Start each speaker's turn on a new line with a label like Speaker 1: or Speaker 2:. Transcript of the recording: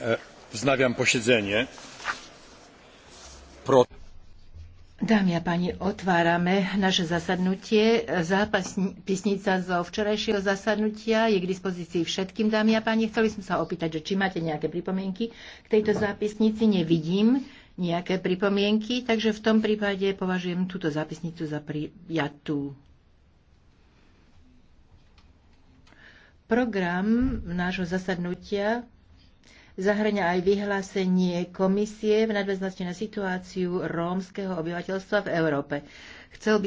Speaker 1: E, wznawiam posiedzenie. Pro...
Speaker 2: Dámy a páni, otvárame naše zasadnutie. Zápisnica zo včerajšieho zasadnutia je k dispozícii všetkým, dámy a páni. Chceli sme sa opýtať, že či máte nejaké pripomienky k tejto zápisnici. Nevidím nejaké pripomienky, takže v tom prípade považujem túto zápisnicu za prijatú. Program nášho zasadnutia zahrňa aj vyhlásenie komisie v nadväznosti na situáciu rómskeho obyvateľstva v Európe. Chcel by som